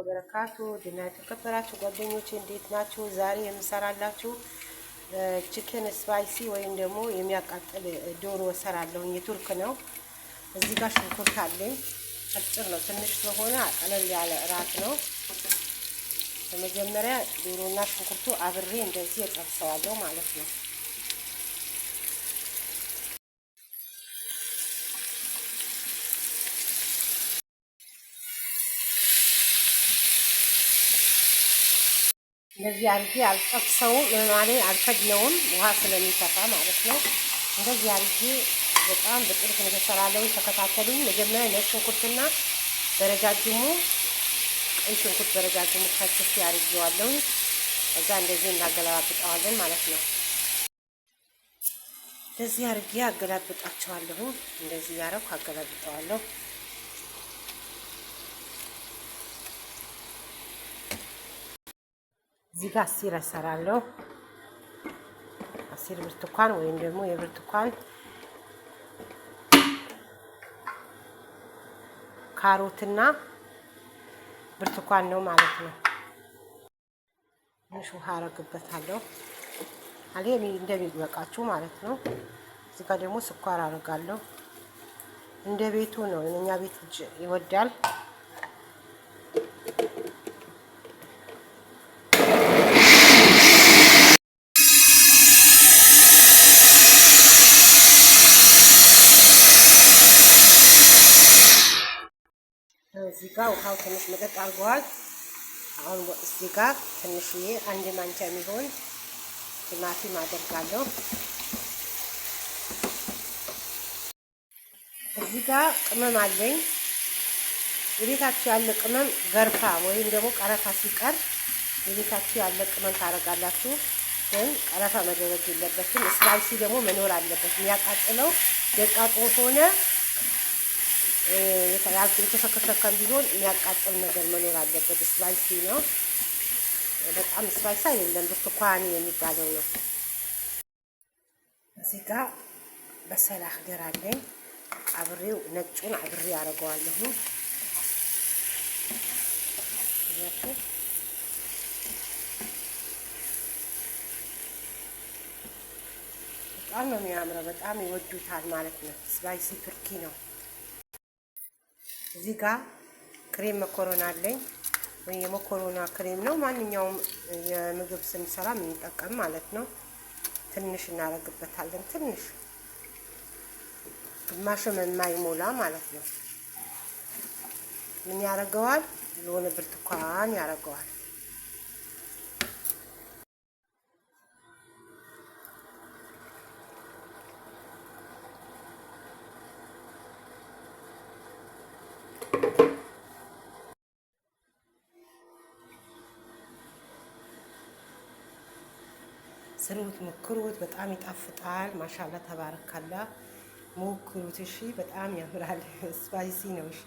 ወበረካቱ ድና የተከበራችሁ ጓደኞች እንዴት ናችሁ? ዛሬ የምሰራላችሁ ችክን ስፓይሲ ወይም ደግሞ የሚያቃጥል ዶሮ እሰራለሁ። የቱርክ ነው። እዚህ ጋር ሽንኩርት አለኝ። አጭር ነው፣ ትንሽ ስለሆነ ቀለል ያለ እራት ነው። በመጀመሪያ ዶሮና ሽንኩርቱ አብሬ እንደዚህ እጠብሰዋለሁ ማለት ነው። እንደዚህ አድርጌ አልጠብሰው ለማለ አልፈግነውም፣ ውሃ ስለሚጠፋ ማለት ነው። እንደዚህ አድርጌ በጣም በጥልቅ እንደሰራለሁ። ተከታተሉኝ። መጀመሪያ ነጭ ሽንኩርትና በረጃጅሙ ቀይ ሽንኩርት በረጃጅሙ ከትፍ ያርጌዋለሁ። እዛ እንደዚህ እናገላብጠዋለን ማለት ነው። እንደዚህ አድርጌ አገላብጣቸዋለሁ። እንደዚህ ያረኩ አገላብጠዋለሁ። እዚህ ጋር አሲር እሰራለሁ። አሲር ብርቱካን ወይም ደግሞ የብርቱካን ካሮትና ብርቱካን ነው ማለት ነው። ትንሽ ውሃ አረግበታለሁ። አለ እንደሚበቃችሁ ማለት ነው። እዚህ ጋር ደግሞ ስኳር አረጋለሁ። እንደ ቤቱ ነው። እኛ ቤት ይወዳል እዚህ ጋር ውሃው ትንሽ መጠጥ አድርገዋል። አሁን እዚህ ጋር ትንሽዬ አንድ ማንኪያ የሚሆን ቲማቲም አደርጋለሁ። እዚህ ጋር ቅመም አለኝ። የቤታችሁ ያለ ቅመም ገርፋ ወይም ደግሞ ቀረፋ ሲቀር የቤታችሁ ያለ ቅመም ታደርጋላችሁ። ግን ቀረፋ መደረግ የለበትም። ስላይሲ ደግሞ መኖር አለበት። የሚያቃጥለው ደቃቁ ሆነ የተሸከሸከም ቢሆን የሚያቃጥል ነገር መኖር አለበት። ስፓይሲ ነው፣ በጣም ስፓይሲ አይደለም፣ ብርቱካን የሚባለው ነው። እዚህ ጋ በሰላ ሀገር አለኝ። አብሬው ነጩን አብሬ አደርገዋለሁ። በጣም ነው የሚያምረው። በጣም ይወዱታል ማለት ነው። ስፓይሲ ቱርኪ ነው። እዚህ ጋር ክሬም መኮረና አለኝ ወይ የመኮረና ክሬም ነው። ማንኛውም የምግብ ስንሰራ የምንጠቀም ማለት ነው። ትንሽ እናደርግበታለን። ትንሽ ግማሽም የማይሞላ ማለት ነው። ምን ያደርገዋል? ለሆነ ብርቱካን ያደርገዋል። ስሩት፣ ሞክሩት። በጣም ይጣፍጣል። ማሻላ ተባረካላ። ሞክሩት። እሺ፣ በጣም ያምራል። ስፓይሲ ነው። እሺ